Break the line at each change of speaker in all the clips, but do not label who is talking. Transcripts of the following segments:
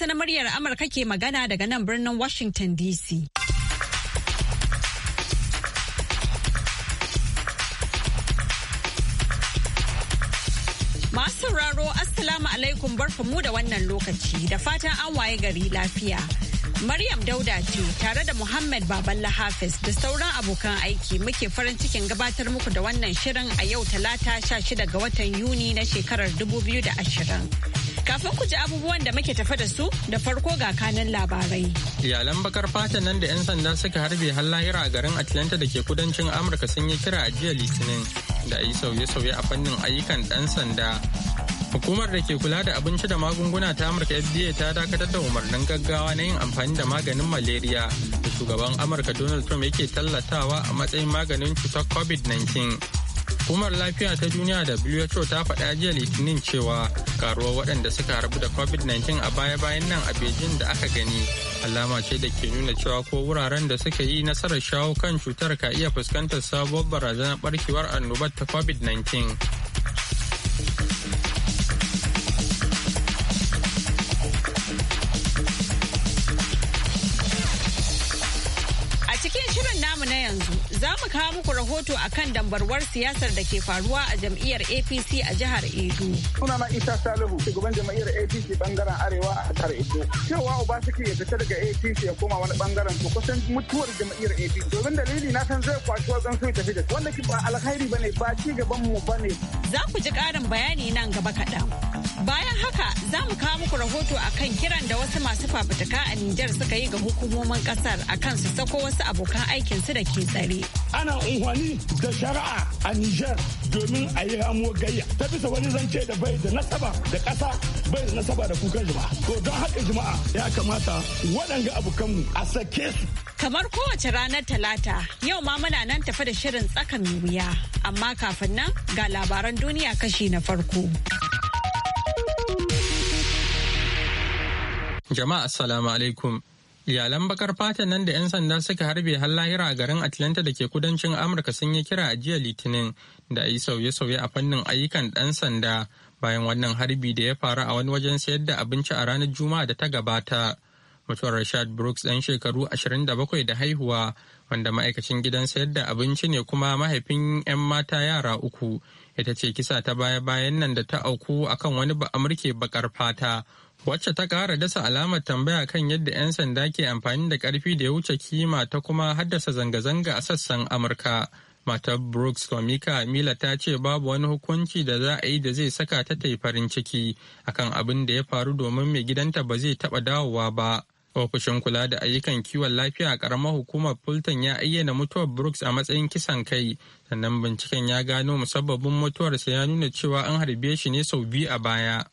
Hausa na muryar Amurka ke magana daga nan birnin Washington DC. Masu sauraro Assalamu alaikum mu da wannan lokaci da fatan an waye gari lafiya. Maryam Dauda ce tare da Muhammad Baballa Hafiz da sauran abokan aiki muke farin cikin gabatar muku da wannan shirin a yau talata 16 ga watan Yuni na shekarar 2020. Kafin ku ji abubuwan da muke tafa da su da farko ga kanan labarai.
Iyalan bakar fata nan da 'yan sanda suka harbe har a garin Atlanta da ke kudancin Amurka sun yi kira a jiya Litinin da a yi sauye-sauye a fannin ayyukan ɗan sanda. Hukumar da ke kula da abinci da magunguna ta Amurka FDA ta dakatar da umarnin gaggawa na yin amfani da maganin malaria da shugaban Amurka Donald Trump yake tallatawa a matsayin maganin cutar COVID-19. Hukumar lafiya ta duniya da WHO ta faɗa jiya litinin cewa karuwar waɗanda suka rabu da COVID-19 a baya-bayan nan a Beijing da aka gani alama ce da ke nuna cewa ko wuraren da suka yi nasarar shawo kan cutar ka iya fuskantar sabuwar barazanar barkewar annobar ta COVID-19.
Za mu kawo muku rahoto a kan dambarwar siyasar da ke faruwa a jam'iyyar APC a jihar Edo.
Sunana Isa Salihu, shugaban jam'iyyar APC bangaren Arewa a jihar Edo. Cewa suke ya fita daga APC ya koma wani
bangaren to kusan mutuwar jam'iyyar APC. Domin dalili na san zai kwashi wajen su tafi da wanda ba alkhairi bane ba ci gaban mu bane.
Za ku ji ƙarin bayani nan gaba kaɗan. Bayan haka za mu kawo muku rahoto a kan kiran da wasu masu fafutuka a Nijar suka yi ga hukumomin kasar a kan su sako wasu abokan aikinsu da ke tsare.
Ana unhwani da shari'a
a Nijar domin a yi ramuwar gayya ta bisa wani zance da bai da nasaba da ƙasa bai da nasaba da kukan jama'a. To don haka jama'a ya kamata waɗanga abokanmu a sake
su. Kamar kowace ranar Talata yau ma muna nan tafi da shirin tsaka mai wuya amma kafin nan ga labaran duniya kashi na farko.
Jama'a assalamu alaikum. Iyalan bakar fata nan da 'yan sanda suka harbe har lahira a garin Atlanta da ke kudancin Amurka sun yi kira a jiya Litinin da yi sauye-sauye a fannin ayyukan ɗan sanda bayan wannan harbi da ya faru a wani wajen sayar da abinci a ranar Juma'a da ta gabata. Mutuwar Rashad Brooks ɗan shekaru 27 da haihuwa wanda ma'aikacin gidan sayar da abinci ne kuma mahaifin 'yan mata yara uku ita ce kisa ta baya-bayan nan da ta auku akan wani ba amurke bakar fata wacce ta kara dasa alamar tambaya kan yadda 'yan sanda ke amfani da karfi da ya wuce kima ta kuma haddasa zanga-zanga a sassan amurka matar brooks komika mila ta ce babu wani hukunci da za a yi da zai saka ta ta yi farin ciki akan abin da ya faru domin mai gidanta ba zai taba dawowa ba ofishin kula da ayyukan kiwon lafiya a ƙaramar hukumar fulton ya ayyana mutuwar brooks a matsayin kisan kai sannan binciken ya gano musabbabin mutuwarsa ya nuna cewa an harbe shi ne sau biyu a baya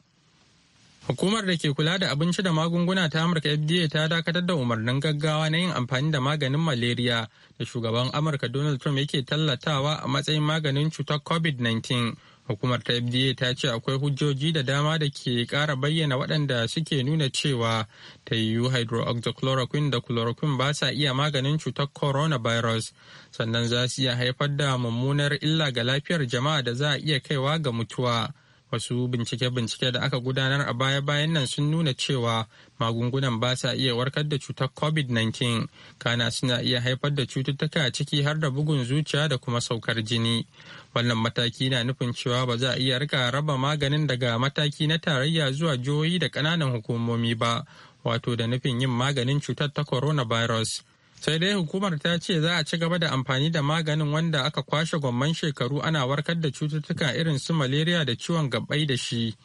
Hukumar da ke kula da abinci da magunguna ta Amurka FDA ta dakatar da umarnin gaggawa na yin amfani da maganin malaria da shugaban Amurka Donald Trump yake tallatawa a matsayin maganin cutar COVID-19. Hukumar ta FDA ta ce akwai hujjoji da dama da ke kara bayyana waɗanda suke nuna cewa ta yiwu hydroxychloroquine da chloroquine ba sa iya maganin cutar coronavirus sannan za su iya haifar da mummunar illa ga lafiyar jama'a da za a iya kaiwa ga mutuwa. Wasu bincike-bincike da aka gudanar a baya-bayan nan sun nuna cewa magungunan ba sa iya warkar da cutar COVID-19, kana suna iya haifar da cututtuka ciki har da bugun zuciya da kuma saukar jini. Wannan mataki na nufin cewa ba za a iya rika raba maganin daga mataki na tarayya zuwa jihohi da ƙananan hukumomi ba, wato da nufin yin maganin cutar ta coronavirus sai dai hukumar ta ce za a ci gaba da amfani da maganin wanda aka kwashe gwamman shekaru ana warkar da cututtuka irin su malaria da ciwon gabbai da shi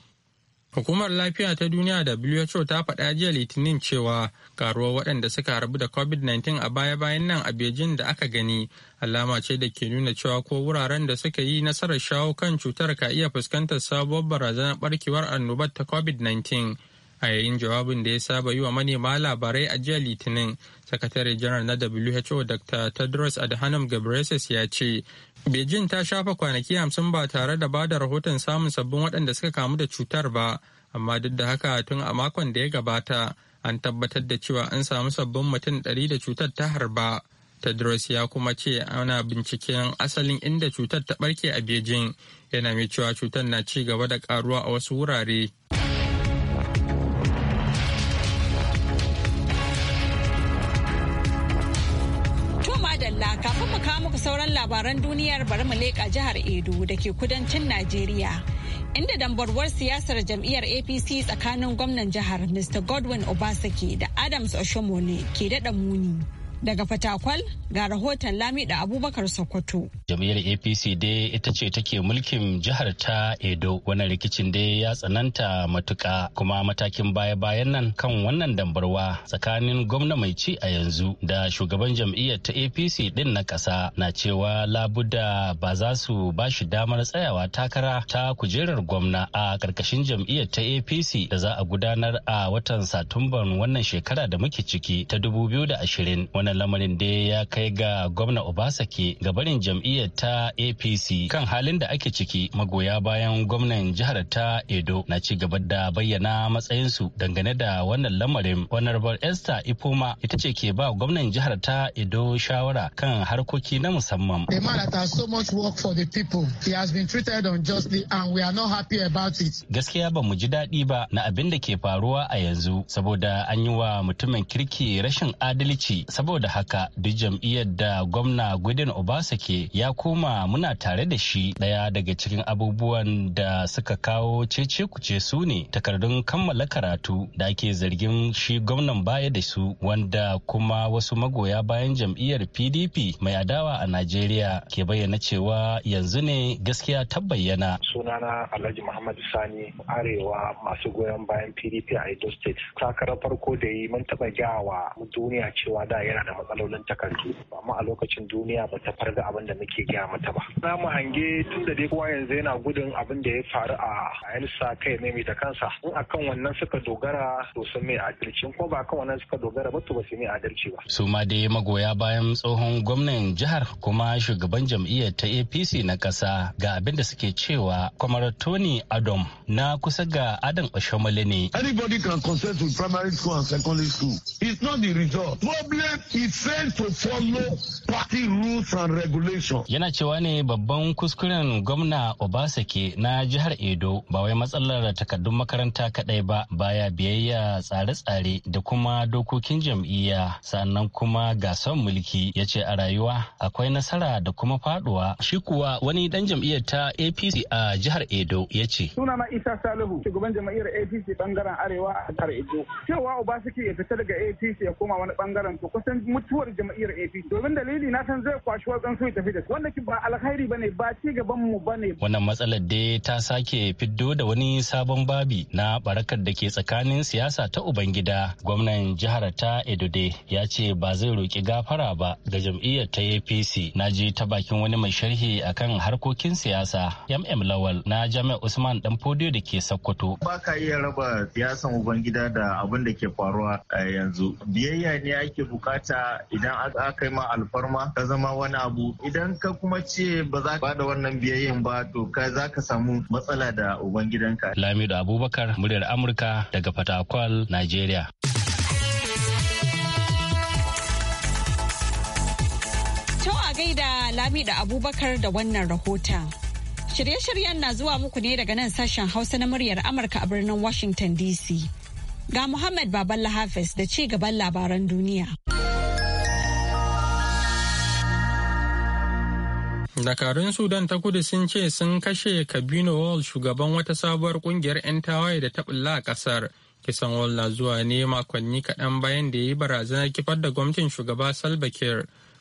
hukumar lafiya ta duniya da who ta faɗa jiya litinin cewa karuwar waɗanda suka harbu da covid-19 a baya-bayan nan a beijing da aka gani alama ce da ke nuna cewa ko wuraren da suka yi nasarar shawo kan cutar ka iya fuskantar sabuwar barazanar barkewar annobar ta covid-19 a yayin jawabin da ya saba yi wa manema labarai a jiya litinin sakatare janar na who dr tedros adhanom ghebreyesus ya ce beijing ta shafa kwanaki hamsin ba tare da bada rahoton samun sabbin waɗanda suka kamu da cutar ba amma duk da haka tun a makon da ya gabata an tabbatar da cewa an samu sabbin mutum ɗari da cutar ta harba tedros ya kuma ce ana binciken asalin inda cutar ta barke a beijing yana mai cewa cutar na ci gaba da karuwa a wasu wurare.
sauran labaran duniyar bari mu leƙa jihar Edo da ke kudancin Najeriya. Inda dambarwar siyasar jam'iyyar APC tsakanin gwamnan jihar Mr. Godwin Obaseki da Adams Oshomole ke daɗa muni. Daga Fatakwal ga rahoton Lami da Abubakar Sokoto.
Jam'iyyar APC dai ita ce take mulkin jihar ta Edo. Wannan rikicin dai ya tsananta matuka kuma matakin baya-bayan nan kan wannan dambarwa tsakanin gwamna mai ci a yanzu da shugaban jam'iyyar ta APC din na ƙasa na cewa labuda ba za su ba shi damar tsayawa takara ta kujerar gwamna a ƙarƙashin jam'iyyar ta APC da za a gudanar a watan Satumban wannan shekara da muke ciki ta 2020. wannan lamarin da ya kai ga gwamna obasake gabarin jam'iyyar ta apc kan halin da ake ciki magoya bayan gwamnan jihar ta edo na ci gaba da bayyana matsayinsu dangane da wannan lamarin honorable esther ipoma ita ce ke ba gwamnan jihar ta edo shawara kan harkoki na musamman
work for the
has been treated and we are not happy
gaskiya ba mu ji daɗi ba na abin da ke faruwa a yanzu saboda an yi wa mutumin kirki rashin adalci saboda saboda haka duk jam'iyyar da gwamna gudun obasake ya koma muna tare da shi daya daga cikin abubuwan da suka kawo cece kuce su ne takardun kammala karatu da ake zargin shi gwamnan baya da su wanda kuma wasu magoya bayan jam'iyyar pdp mai adawa a najeriya ke bayyana cewa yanzu ne gaskiya ta bayyana
sunana alhaji muhammad sani arewa masu goyon bayan pdp a edo state takarar farko da yi mun taba gyawa duniya cewa da yana da ta matsalolin takardu amma a lokacin duniya ba ta farga abin da muke gaya mata ba za mu hange
tun da dai kowa yanzu yana gudun abin da ya faru a yansa kai ne mai da kansa in akan
wannan suka dogara to sun mai adalci ko ba akan wannan suka dogara ba to ba su mai adalci ba
su ma dai magoya bayan tsohon gwamnan jihar kuma shugaban jam'iyyar ta APC na kasa, ga abin da suke cewa kwamar Tony Adom na kusa ga Adam Oshomole ne.
Anybody can consent with primary school and secondary school. It's not the result. Problem
He failed to follow party rules and regulations.
Yana cewa ne babban kuskuren gwamna Obasake na jihar Edo ba wai matsalar takardun makaranta kaɗai ba baya biyayya tsare-tsare da kuma dokokin jam'iyya sannan kuma ga son mulki ya ce a rayuwa akwai nasara da kuma faduwa. Shi kuwa wani dan jam'iyyar ta APC a jihar Edo ya ce.
na Isa Salihu shugaban jam'iyyar APC bangaren Arewa a jihar Edo. Cewa Obasake ya fita daga APC ya koma wani bangaren to kusan mutuwar jam'iyyar APC domin dalili na san zai kwashi wajen ya tafi da su wannan ba alkhairi bane ba ci gaban mu bane
wannan matsalar dai ta sake fiddo da wani sabon babi na barakar da ke tsakanin siyasa ta ubangida gwamnan jihar ta Edode ya ce ba zai roki gafara ba ga jam'iyyar ta APC na ji ta bakin wani mai sharhi akan harkokin siyasa MM Lawal na Jami'ar Usman Fodio da ke Sokoto ba ka iya raba
siyasan ubangida da abin da ke faruwa a yanzu biyayya ne ake bukata ta idan aka kai ma alfarma ka zama wani abu idan ka kuma ce ba za ka da wannan
biyayyen ba to ka za ka samu matsala da ubangidanka. Lamido Abubakar muryar Amurka daga Fatakwal, Nigeria.
gaida Lamidu Abubakar da wannan rahota. Shirye-shiryen na zuwa muku ne daga nan sashen Hausa na muryar Amurka a birnin Washington DC. Ga Muhammad Baballa Hafiz da ci gaban labaran duniya.
dakarun sudan ta kudu sun ce sun kashe kabino wall shugaban wata sabuwar kungiyar 'yan tawaye da ta bulla a kasar kisan wall na zuwa ne makonni kaɗan bayan da ya yi barazanar kifar da gwamnatin shugaba salva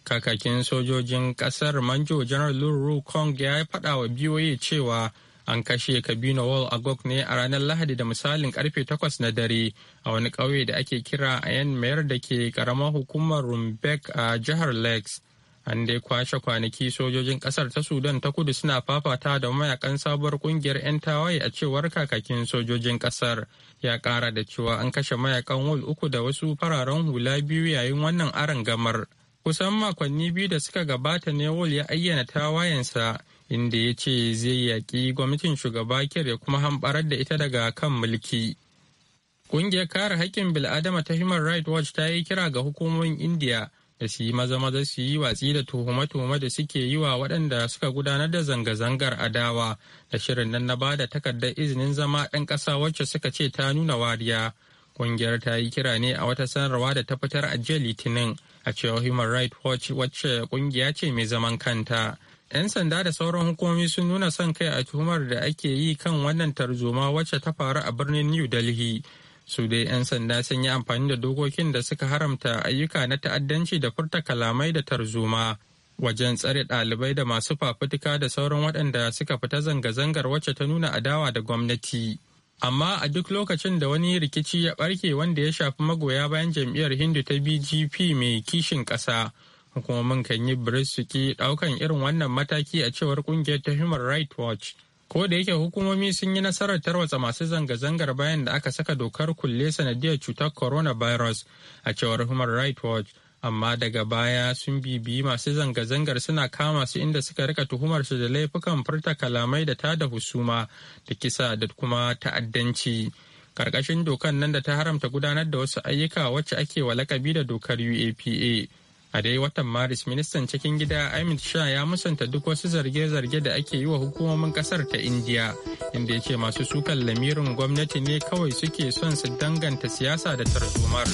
kakakin sojojin kasar manjo janar luru kong ya yi faɗa wa biyoyi cewa an kashe kabino wall gok ne a ranar lahadi da misalin karfe 8 na dare a wani ƙauye da ake kira yan mayar da ke karamar hukumar rumbek a jihar lakes an dai kwashe kwanaki sojojin kasar ta sudan ta kudu suna fafata da mayakan sabuwar kungiyar 'yan tawaye a cewar kakakin sojojin kasar ya kara da cewa an kashe mayakan wul uku da wasu fararen hula biyu yayin wannan aron gamar kusan makonni biyu da suka gabata ne wal ya ayyana tawayensa inda ya ce zai yaƙi gwamnatin shugaba kir ya kuma hamɓarar da ita daga kan mulki Ƙungiyar kare haƙƙin bil'adama ta Human Rights Watch ta yi kira ga hukumomin India da su yi maza maza su yi watsi da tuhuma-tuhuma da suke yi wa waɗanda suka gudanar da zanga-zangar adawa da shirin nan na bada takardar izinin zama ɗan ƙasa wacce suka ce ta nuna wariya ƙungiyar ta yi kira ne a wata sanarwa da ta fitar a jiya litinin a cewa human rights watch wacce ƙungiya ce mai zaman kanta 'yan sanda da sauran hukumomi sun nuna son kai a tuhumar da ake yi kan wannan tarzoma wacce ta faru a birnin new delhi su dai 'yan sanda sun yi amfani da dokokin da suka haramta ayyuka na ta'addanci da furta kalamai da tarzoma wajen tsare ɗalibai da masu fafutuka da sauran waɗanda suka fita zanga-zangar wacce ta nuna adawa da gwamnati. Amma a duk lokacin da wani rikici ya ɓarke wanda ya shafi magoya bayan jam'iyyar Hindu ta BGP mai kishin ƙasa, hukumomin kan yi birisuki ɗaukan irin wannan mataki a cewar ƙungiyar ta Human Rights Watch. ko da yake hukumomi sun yi nasarar tarwatsa masu zanga-zangar bayan da aka saka dokar kulle sanadiyar cutar coronavirus a cewar human rights watch amma daga baya sun bibiyi masu zanga-zangar suna kama su inda suka rika tuhumar su da laifukan furta kalamai da tada husuma da kisa da kuma ta'addanci karkashin dokan nan da ta haramta gudanar da wasu ayyuka wacce ake wa lakabi da dokar uapa a dai watan maris ministan cikin gida ahmed shah ya musanta duk wasu zarge-zarge da ake yi wa hukumomin kasar ta indiya inda ya ce masu sukan lamirin gwamnati ne kawai suke son su danganta siyasa da tarzomar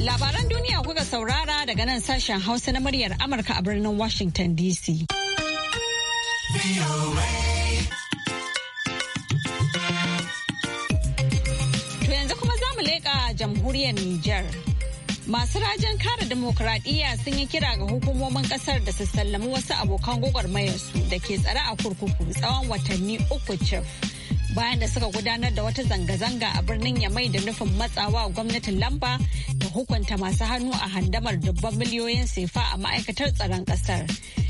labaran duniya kuka saurara daga nan sashen hausa na muryar amurka a birnin washington dc jamhuriyar Nijar. Masu rajin kare demokuraɗiyya sun yi kira ga hukumomin ƙasar da su sallami wasu abokan gwagwarmayarsu da ke tsare a kurkuku tsawon watanni uku cif. Bayan da suka gudanar da wata zanga-zanga a birnin Yamai da nufin matsawa gwamnatin lamba da hukunta masu hannu a handamar dubban miliyoyin sefa a ma'aikatar tsaron ƙasar.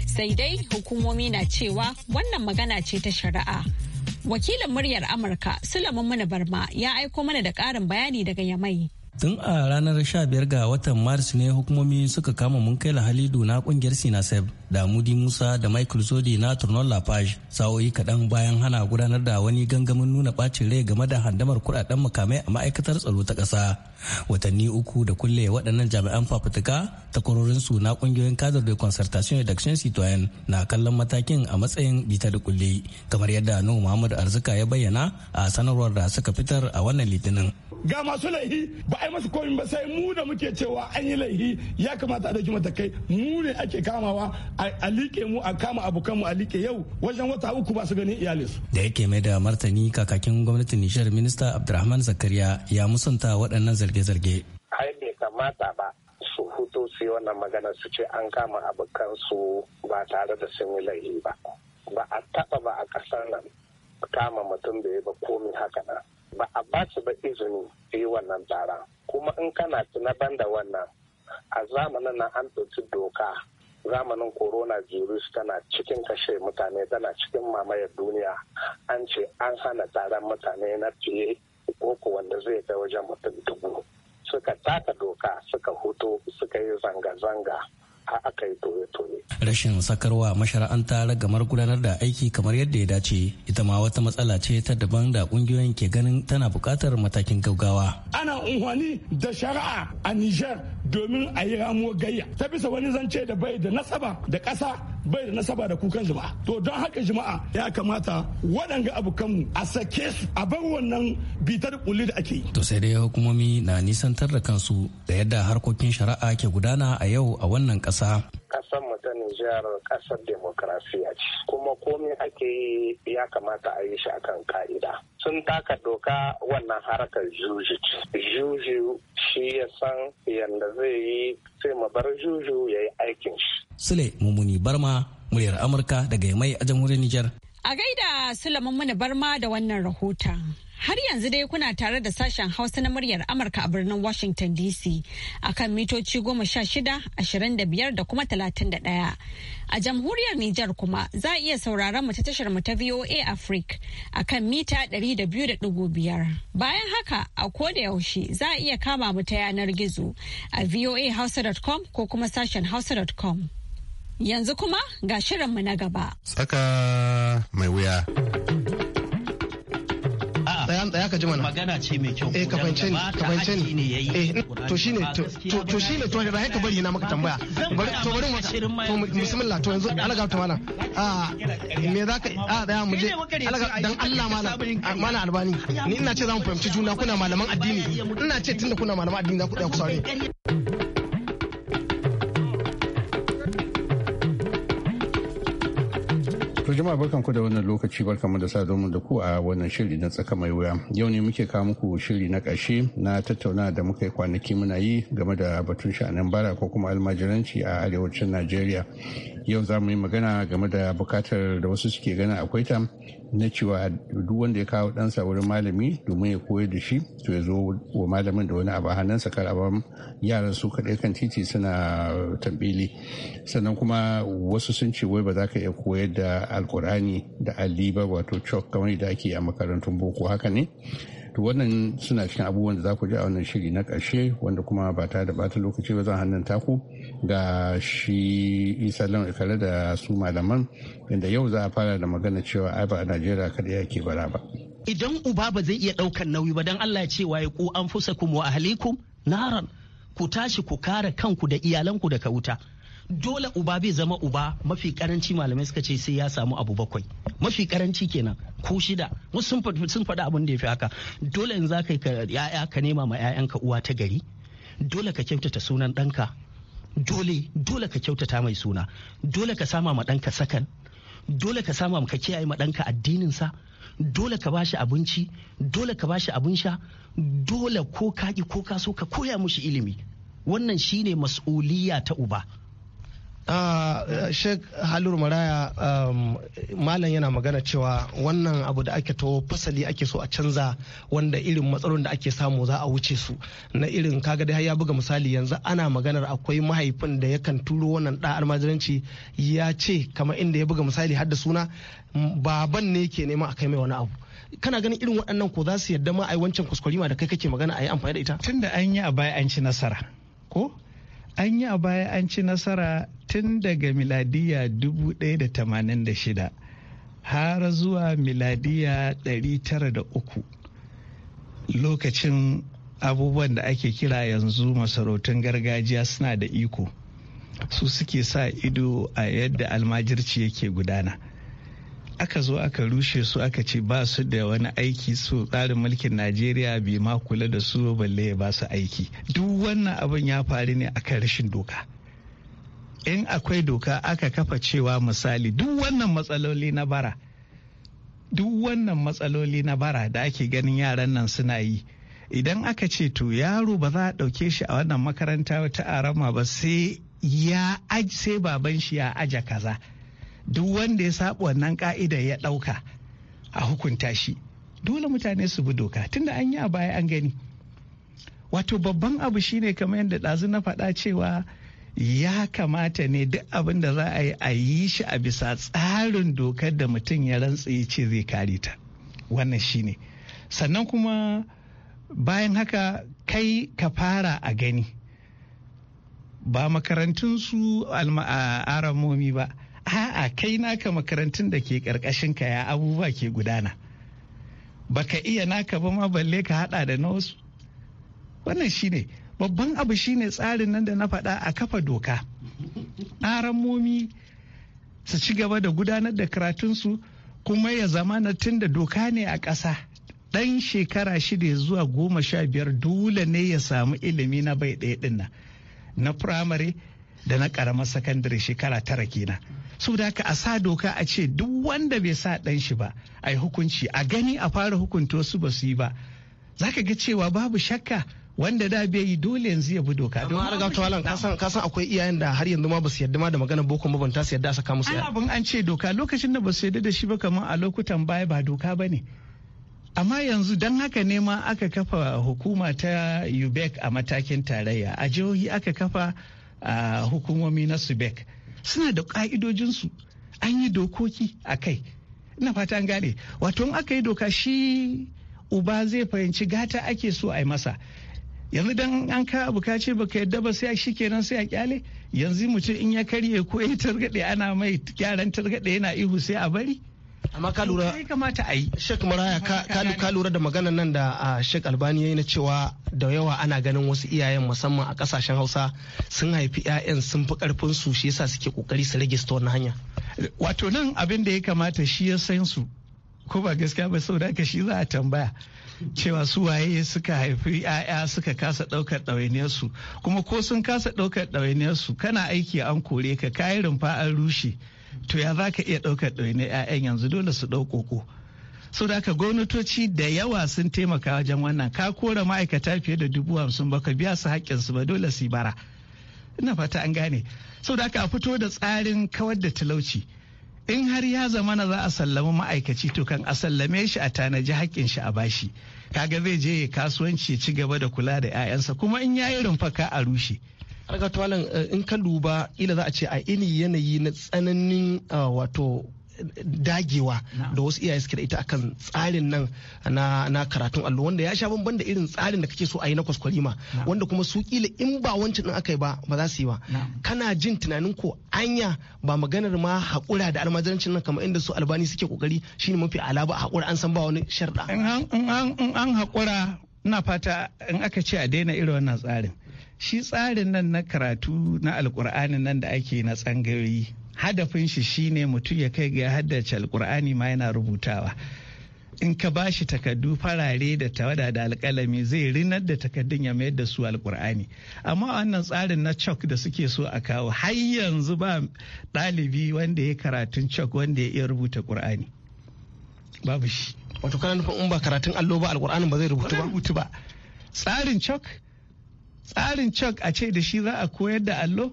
Sai dai hukumomi na cewa wannan magana ce ta shari'a. Wakilin muryar Amurka Sulaiman mana Barma ya aiko mana da karin bayani daga Yamai.
Tun a ranar 15 ga watan Maris ne hukumomi suka kama mun kai halidu na kungiyar Sinasef da mudi musa da michael zodi na turnon lafage sa'o'i kaɗan bayan hana gudanar da wani gangamin nuna ɓacin rai game da handamar kuɗaɗen makamai a ma'aikatar tsaro ta ƙasa watanni uku da kulle waɗannan jami'an fafutuka su na ƙungiyoyin kadar da concertation da action citoyen na kallon matakin a matsayin bita da kulle kamar yadda nuhu muhammad arzika ya bayyana a sanarwar da suka fitar a wannan litinin
ga masu laihi ba a yi masu komi ba sai mu da muke cewa an yi laihi ya
kamata a dauki matakai mu ne ake kamawa a liƙe mu a kama abokan mu a liƙe yau wajen wata uku ba su ganin su.
Da yake mai da martani kakakin gwamnatin Nijar minista Abdulrahman Zakariya ya musanta waɗannan zarge-zarge.
Ai bai kamata ba su fito su wannan magana su ce an kama abokan su ba tare da sun yi laifi ba. Ba a taɓa ba a ƙasar nan kama mutum da ya ba komi haka nan. Ba a ba su ba izini yi wannan tara. Kuma in kana tuna banda wannan a zamanin nan an ɗauki doka zamanin corona virus tana cikin kashe mutane tana cikin mamayar duniya an ce an hana taron mutane na fiye koko wanda zai kai wajen mutum dubu suka taka doka suka hutu suka yi zanga-zanga aka yi
tone-tone. Rashin sakarwa mashara'anta ragamar gudanar da aiki kamar yadda ya dace ita ma wata matsala ce ta daban da kungiyoyin ke ganin tana buƙatar matakin gaugawa.
Ana unhwani da shari'a a Nijar domin a yi ramuwa gayya ta bisa wani zance da bai da nasaba da ƙasa bai da nasaba da kukan jama'a. To don haka jama'a ya kamata waɗanga mu a sake su a bar wannan bitar kuli
da ake yi. To sai dai hukumomi na nisantar da kansu da yadda harkokin shari'a ke gudana a yau a wannan ƙasa. ƙasa.
Ƙasar mu ta Nijar ƙasar demokrasiya ce, kuma komai ake yi ya kamata a yi shi a kan ka'ida. Sun taka doka wannan harkar juju ce. Juju shi ya san yadda zai yi sai mu bar juju ya yi aikin shi.
Sule Mumuni Barma, muryar Amurka daga Yamai a jamhuriyar Nijar.
A gaida Sule Mumuni Barma da wannan rahoton. Har yanzu dai kuna tare da sashen Hausa na muryar Amurka a birnin Washington DC a kan mitoci goma sha shida, ashirin da biyar da kuma talatin da ɗaya. A jamhuriyar Nijar kuma za a iya sauraron mu ta tashar mu ta VOA Africa a kan mita ɗari da biyu da ɗigo biyar. Bayan haka a koda yaushe za a iya kama mu ta yanar gizo a voahausa.com ko kuma sashen hausa.com. Yanzu kuma ga shirinmu na gaba.
Tsaka
mai wuya. ka ji mana magana ce mai kyau eh ka fahimce eh, to shine to shine to rai ka bari na maka tambaya bari to to yanzu ga a ah, me za ka ah, a da mu je alaga dan Allah malam malam albani ni ina ce za mu fahimci juna kuna malaman addini ina ce tunda kuna malaman addini za ku a ku saurare
jama'a barkan ku da wannan lokaci barkan mu da domin da ku a wannan shiri na tsaka mai wuya. Yau ne muke kawo muku shiri na ƙarshe na tattauna da muka yi kwanaki muna yi game da batun sha'anin bara ko kuma almajiranci a arewacin Najeriya. yau za mu yi magana game da bukatar da wasu suke gana akwai ta na cewa duk wanda ya kawo ɗansa wurin malami domin ya koyar da shi to ya zo wa malamin da wani abu hannunsa kar a yaran su kaɗai kan titi suna tambili sannan kuma wasu sun ce wai ba za ka iya koyar da alkur'ani da alli ba wato chok kamar da ake a makarantun boko haka ne to wannan suna cikin abubuwan da za ku ji a wannan shiri na ƙarshe wanda kuma ba ta da bata lokaci ba zan hannun taku ga shi isa lamu da su malaman inda yau za a fara da magana cewa ai ba a najeriya kaɗai ake bara ba
idan uba ba zai iya ɗaukar nauyi ba dan allah ya ce waye ku an fusa kuma wa ahalikum naran ku tashi ku kare kanku da iyalanku daga wuta dole uba bai zama uba mafi karanci malamai suka ce sai ya samu abu bakwai mafi karanci kenan ko shida wasu sun faɗi abin da ya fi haka dole in za ka ya'ya ka nema ma 'ya'yanka uwa ta gari dole ka kyautata sunan ɗanka dole dole ka kyautata mai suna dole ka sama ma ɗanka sakan dole ka sama ka kiyaye ma ɗanka addininsa dole ka bashi abinci dole ka bashi abin sha dole ko kaki ko kaso ka koya mushi ilimi wannan shine mas'uliya
ta uba Ah, eh, Sheikh Halilu Maraya um, malam yana magana cewa wannan abu da ake to fasali ake so a canza wanda irin matsalolin da ake samu za a wuce su na irin kaga dai ya buga misali yanzu ana maganar akwai mahaifin da yakan turo wannan da almajiranci ya ce kama inda ya buga misali har da suna baban ne ke neman a kai mai wani abu kana ganin irin waɗannan ko za su yadda ma ai wancan ma da kai kake magana a yi amfani da ita tunda an yi a baya an ci nasara ko an yi a baya
an ci nasara tun daga miladiya 1086 har zuwa miladiya 903 lokacin abubuwan da ake kira yanzu masarautun gargajiya suna da iko su suke sa ido a yadda almajirci yake gudana. aka zo aka rushe su aka ce ba su da wani aiki su tsarin mulkin najeriya bai ma kula da su balle ya ba su aiki duk wannan abin ya faru ne akan rashin doka in akwai doka aka kafa cewa misali duk wannan matsaloli na bara duk wannan matsaloli na bara da ake ganin yaran nan suna yi idan aka ce to yaro ba za a ɗauke shi a wannan makaranta ta arama ba sai ya sai baban shi ya aja kaza duk wanda ya saba wannan ka'ida ya ɗauka a hukunta shi dole mutane su bi doka tunda an yi a baya an gani wato babban abu shine kamar yadda ɗazu na faɗa cewa ya kamata ne duk abin da za a yi a yi shi a bisa tsarin dokar da mutum ya rantsa ya ce zai kare ta wannan shine sannan kuma bayan haka kai ka fara a gani ba makarantunsu aramomi ba a'a kai naka makarantun da ke karkashin ka ya abubuwa ke gudana baka iya naka ba ma balle ka hada da na wasu wannan shine babban abu shine tsarin nan da na faɗa a kafa doka momi su ci gaba da gudanar da karatunsu kuma ya zama na tun da doka ne a ƙasa ɗan shekara shida zuwa goma sha biyar dole ne ya samu ilimi na bai ɗaya ɗin na firamare da na ƙaramar sakandare shekara tara kenan saboda haka a sa doka a ce duk wanda bai sa ɗanshi shi ba a yi hukunci a gani a fara hukunta su ba su yi ba za ka ga cewa babu shakka wanda da bai yi dole yanzu ya bi doka. don har
ga tawalan kasan kasan akwai iyayen da har yanzu ma ba su yarda ma da maganar boko ba su yarda saka musu. Ai abin an ce
doka lokacin da ba su yarda da shi ba kamar a lokutan baya ba doka ba ne. Amma yanzu don haka ne ma aka kafa hukuma ta UBEC a matakin tarayya a jihohi aka kafa ah, hukumomi na SUBEC. suna da ƙa'idojinsu an yi dokoki a kai ina fata an gane wato in aka yi doka shi uba zai fahimci gata ake so a yi masa yanzu dan an ka abu ka ce baka yadda ba sai shi kenan sai a kyale
yanzu mutum in ya karye ko ya targaɗe ana mai gyaran targaɗe yana ihu sai a bari amma ka lura kamata a yi shek maraya ka lura da maganar nan da shek albani ya yi na cewa da yawa ana ganin wasu iyayen musamman a kasashen hausa sun haifi 'ya'yan sun fi karfin su shi yasa suke kokari su rage wannan hanya wato nan abin da ya kamata shi
ya san su ko ba gaskiya ba saboda haka shi za a tambaya cewa su waye suka haifi 'ya'ya suka kasa ɗaukar ɗawainiyarsu kuma ko sun kasa ɗaukar ɗawainiyarsu kana aiki an kore ka kayi rumfa an rushe to ya za ka iya ɗaukar na 'ya'yan yanzu dole su ɗauko ko. so da ka gwamnatoci da yawa sun taimaka wajen wannan ka kora ma'aikata fiye da dubu hamsin baka biya su haƙƙinsu ba dole su yi bara ina fata an gane so da ka fito da tsarin kawar da talauci in har ya zama na za a sallami ma'aikaci to kan a sallame shi a tanaji haƙƙin shi a bashi kaga zai je kasuwanci ya ci gaba da kula da 'ya'yansa kuma in yayi rumfa ka a rushe
alga eh, in ka duba ila za a ce a ini yanayi na tsananin ah, wato dagewa da wasu iyaye suke da ita akan tsarin nan na karatun allo wanda ya sha bamban da irin tsarin da kake so a yi na kwaskwarima wanda kuma su kila in ba wancan din aka yi ba ba za su yi ba kana jin tunanin ko anya ba maganar ma hakura da almajirancin nan kamar inda su albani suke kokari shine mafi alaba hakura an san ba wani sharda in an hakura
ina fata in aka ce a daina irin wannan tsarin shi tsarin nan na karatu na alkur'ani nan da ake na tsangayoyi hadafin shi shine mutum ya kai ga haddace alkur'ani ma yana rubutawa in ka ba shi takardu farare da tawada da alkalami zai rinar da takardun ya mayar da su alkur'ani amma wannan tsarin na chalk da suke so a kawo har yanzu ba ɗalibi wanda ya karatun chalk wanda ya iya rubuta ƙur'ani.
babu shi wato kana nufin in ba karatun allo ba alkur'anin ba zai rubutu ba tsarin chalk tsarin chalk a ce da shi za a koyar da allo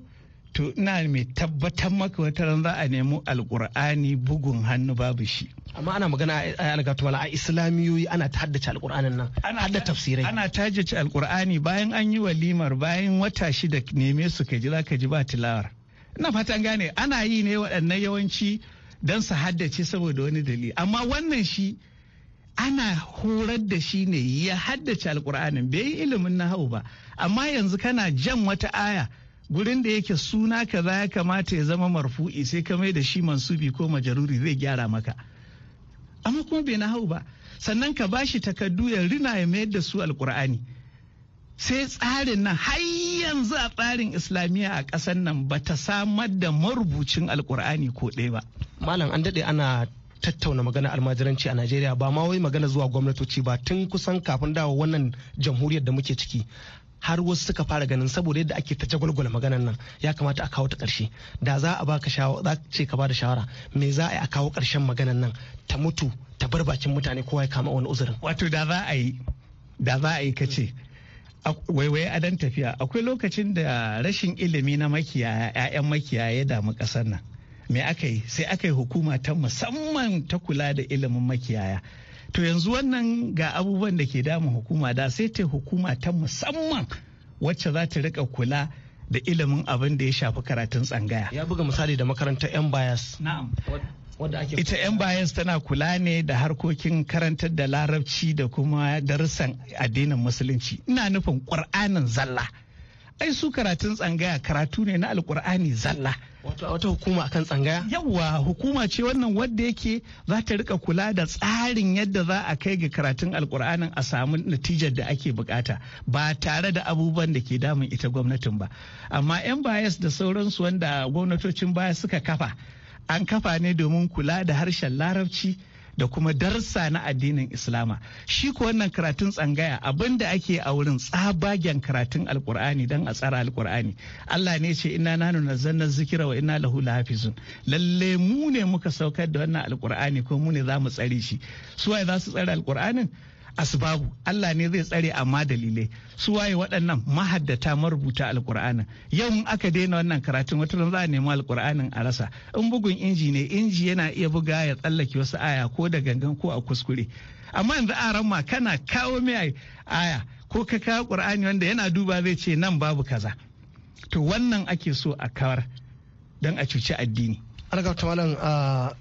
to ina mai tabbatar maka wata ran za a nemo alkur'ani bugun hannu babu
shi amma ana magana eh, a wala a islamiyoyi ana ta haddace alkur'anin nan ana hadda tafsirai
ana tajace alkur'ani bayan an yi walimar bayan wata shida neme su ka ji za ka ji ba tilawar ina fatan gane ana yi ne waɗannan yawanci don su haddace saboda wani dalili amma wannan shi ana horar da shi ne ya haddace alkur'anin bai yi ilimin nahau ba amma yanzu kana jan wata aya gurin da yake suna za ya kamata ya zama marfu'i sai ka mai da shi mansubi ko majaruri zai gyara maka amma kuma bai na hau ba sannan ka bashi takardu ya rina ya mayar da su alkur'ani sai tsarin nan har yanzu a tsarin islamiyya a ƙasar nan
ba ta samar da marubucin alkur'ani ko ɗaya ba malam an daɗe ana tattauna magana almajiranci a najeriya ba ma wai magana zuwa gwamnatoci ba tun kusan kafin dawo wannan jamhuriyar da muke ciki har wasu suka fara ganin saboda yadda ake ta jagwalgwala maganan nan ya kamata a kawo ta ƙarshe da za a baka shawara za ce ka bada shawara me za a yi a kawo karshen maganan nan ta mutu ta bar bakin mutane kowa ya kama wani uzurin
wato da za
a yi da za a yi
ka ce waiwaye a dan tafiya akwai lokacin da rashin ilimi na makiyaya ƴaƴan makiyaya ya damu ƙasar nan me aka yi sai aka yi hukuma ta musamman ta kula da ilimin makiyaya to yanzu wannan ga abubuwan da ke damun hukuma da sai ta hukuma ta musamman wacce za ta rika kula da ilimin abin da ya shafi karatun tsangaya ya buga misali da makarantar yan bayas
na'am ita yan bayas tana kula ne da harkokin
karantar da larabci da kuma darussan addinin musulunci ina nufin ƙur'anin zalla ai su karatun tsangaya karatu ne na alƙur'ani zalla wata hukuma akan tsangaya yawwa hukuma ce wannan wadda yake za ta rika kula da tsarin yadda za a kai ga karatun alkur'anin a samu natijar da ake bukata ba tare da abubuwan da ke damun ita gwamnatin ba amma yan bayas da sauransu wanda gwamnatocin baya suka kafa an kafa ne domin kula da harshen larabci da kuma darsa na addinin islama shi ko wannan karatun tsangaya abin da ake a wurin tsabagen karatun alkur'ani don a tsara alkur'ani allah ne ce ina nanu nazzalna zikira wa ina lahu lafizun lalle mu ne muka saukar da wannan alkur'ani ko mu ne za mu tsare shi su waye za su tsare alkur'anin babu Allah ne zai tsare amma dalilai su waye waɗannan mahaddata marubuta alƙur'anin yau in aka daina wannan karatun wata ran za a nemi alƙur'anin a rasa in bugun inji ne inji yana iya buga ya tsallake wasu aya ko da gangan ko a kuskure amma yanzu a ma kana kawo mai aya ko ka kawo ƙur'ani wanda yana duba zai ce nan babu kaza to wannan ake so a
kawar don a cuci addini. Arga malam ah,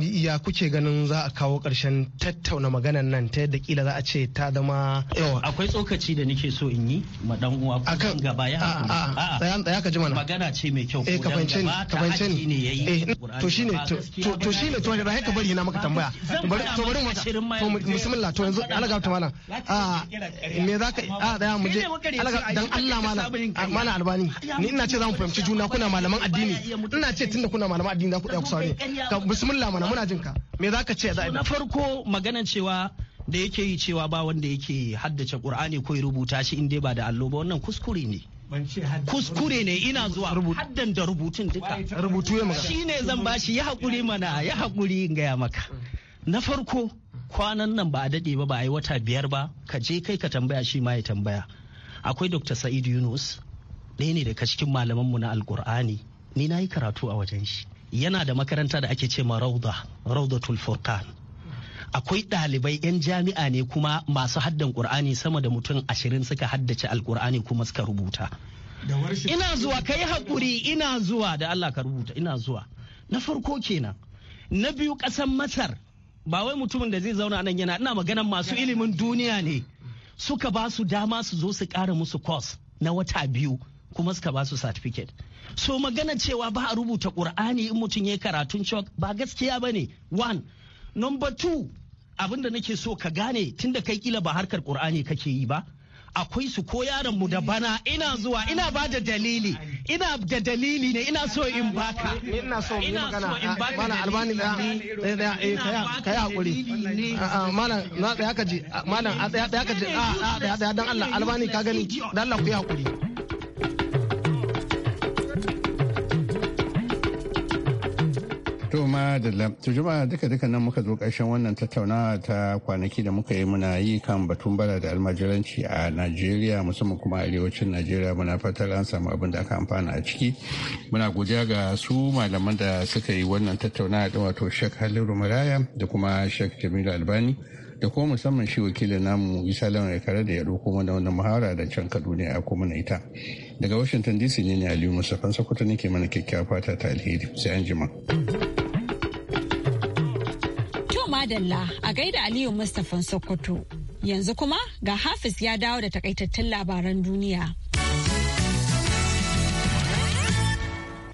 ya kuke ganin za a kawo ƙarshen tattauna maganan nan ta yadda kila za a ce ta zama yawa akwai
tsokaci da nake so in yi ma dan uwa akan gaba ya a
tsayan tsaya ka ji mana
magana ce mai kyau eh ka fahimce ni ka fahimce ni eh, to shine to shine to da ka bari na maka tambaya bari to bari mu to bismillah to yanzu alaga ta malam a
me za ka a tsaya mu je alaga dan Allah malam malam albani ni ina ce za mu fahimci juna kuna malaman addini ina ce tunda kuna malaman addini za ku tsaya ku saurare bismillah mana muna jin ka
me zaka ce za na farko magana cewa da yake yi cewa ba wanda yake haddace qur'ani ko rubuta shi in ba da allo ba wannan kuskure ne kuskure ne ina zuwa haddan da rubutun duka rubutu ya magana shine zan bashi ya hakuri mana ya hakuri in gaya maka na farko kwanan nan ba a dade ba ba a yi wata biyar ba ka je kai ka tambaya shi ma ya tambaya akwai dr sa'id yunus ɗaya ne daga cikin mu na alqur'ani ni na yi karatu a wajen shi yana da makaranta da ake ce ma rauda raudatul furqan akwai ɗalibai 'yan jami'a ne kuma masu haddan ƙur'ani sama da mutum ashirin suka haddace alƙur'ani kuma suka rubuta ina zuwa ka yi haƙuri ina zuwa da Allah ka rubuta ina zuwa na farko kenan na biyu ƙasan masar ba wai mutumin da zai zauna nan yana ina maganan masu ilimin duniya ne suka ba su dama su zo su kara musu kwas na wata biyu kuma suka ba su certificate so magana cewa ba a rubuta qur'ani in mutum ya karatun cewa ba gaskiya bane one number two abin da nake so ka gane tunda kai kila ba harkar qur'ani kake yi ba akwai su ko yaron mu da bana ina zuwa ina ba da dalili ina da
dalili ne ina so in baka ina so in magana mana albani da da kai hakuri ah, ah, mana na da haka ji mana da haka ji a da dan Allah albani ka gani dan Allah ku yi hakuri
madalla to jama'a duka duka nan muka zo ƙarshen wannan tattaunawa ta kwanaki da muka yi muna yi kan batun bala da almajiranci a najeriya musamman kuma arewacin najeriya muna fatar an samu abin da aka amfana a ciki muna godiya ga su malaman da suka yi wannan tattaunawa da wato shek halilu maraya da kuma shek jamilu albani da kuma musamman shi wakilin namu isa lawan kare da ya ɗauko mana wannan muhawara da can kaduna ya kuma na ita daga washington dc ne ne aliyu musafan sokoto nake mana kyakkyawa fata ta alheri sai an jima.
madalla a gaida Aliyu Mustapha Sokoto. Yanzu kuma ga Hafiz ya dawo da takaitattun labaran duniya.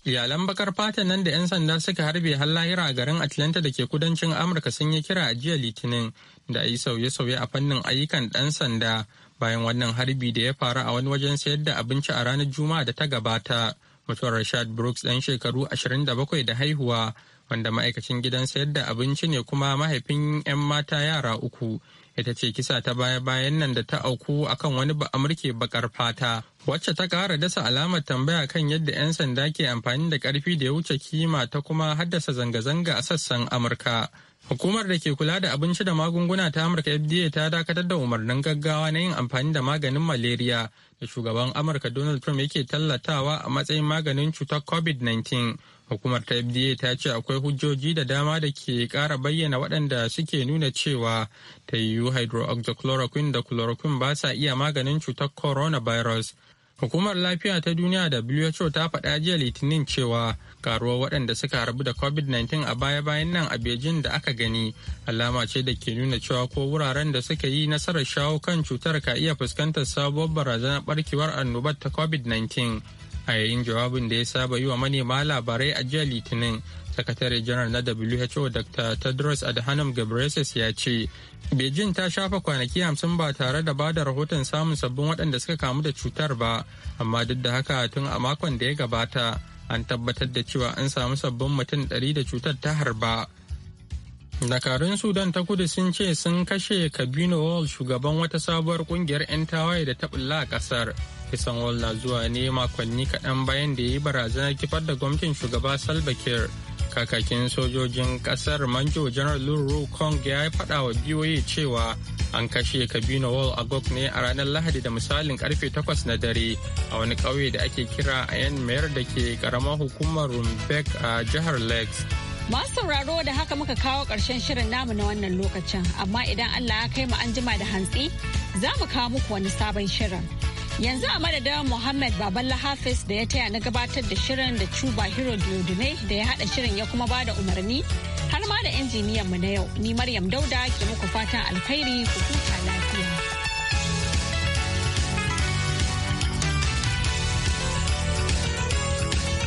Iyalan bakar fata nan da 'yan sanda suka harbe har lahira a garin Atlanta da ke kudancin Amurka sun yi kira a jiya Litinin da a yi sauye-sauye a fannin ayyukan ɗan sanda bayan wannan harbi da ya faru a wani wajen sayar da abinci a ranar Juma'a da ta gabata. Mutuwar Rashad Brooks ɗan shekaru 27 da haihuwa wanda ma'aikacin gidan sayar da abinci ne kuma mahaifin 'yan mata yara uku ita ce kisa ta baya-bayan nan da ta auku akan wani amurke bakar fata wacce ta kara dasa alamar tambaya kan yadda 'yan sanda ke amfani da karfi da ya wuce kima ta kuma haddasa zanga-zanga a sassan amurka Hukumar da ke kula da abinci da magunguna ta Amurka FDA ta dakatar da umarnin gaggawa na yin amfani da maganin malaria da shugaban Amurka Donald Trump yake tallatawa a matsayin maganin cutar COVID-19. Hukumar ta FDA ta ce akwai hujjoji da dama da ke kara bayyana waɗanda suke nuna cewa ta yiwu hydroxychloroquine da chloroquine ba sa iya maganin cutar coronavirus. Hukumar Lafiya ta Duniya da WHO ta faɗa jiya Litinin cewa karuwar waɗanda suka harbu da COVID-19 a baya-bayan nan a Beijing da aka gani alama ce da ke nuna cewa ko wuraren da suka yi nasarar shawo kan cutar ka iya fuskantar sabuwar barazanar barkewar annobar ta COVID-19. A yayin jawabin da ya saba yi wa manema labarai a jiya Litinin, sakatare janar na who dr tedros adhanom ghebreyesus ya ce beijing ta shafa kwanaki hamsin ba tare da bada rahoton samun sabbin waɗanda suka kamu da cutar ba amma duk da haka tun a makon da ya gabata an tabbatar da cewa an samu sabbin mutum ɗari da cutar ta harba dakarun sudan ta kudu sun ce sun kashe kabino wall shugaban wata sabuwar kungiyar 'yan tawaye da taɓulla a ƙasar kisan wall na zuwa ne makonni kaɗan bayan da ya yi barazanar kifar da gwamnatin shugaba salva kiir kakakin sojojin kasar manjo janar luru kong ya yi fada wa biyoyi cewa an kashe kabino wall gog ne a ranar lahadi da misalin karfe 8 na dare a wani kauye da ake kira yan mayar da ke karamar hukumar rumbek a jihar lex
masu sauraro da haka muka kawo ƙarshen shirin namu na wannan lokacin amma idan allah ya kai mu an jima da hantsi za mu kawo muku wani sabon shirin Yanzu a madadin Muhammad Baballa Hafiz da ya taya na gabatar da shirin da Cuba Hero Diodune da ya haɗa shirin ya kuma bada umarni har ma da injiniyan mu na yau. Ni Maryam Dauda ke muku fatan alkhairi ku huta lafiya.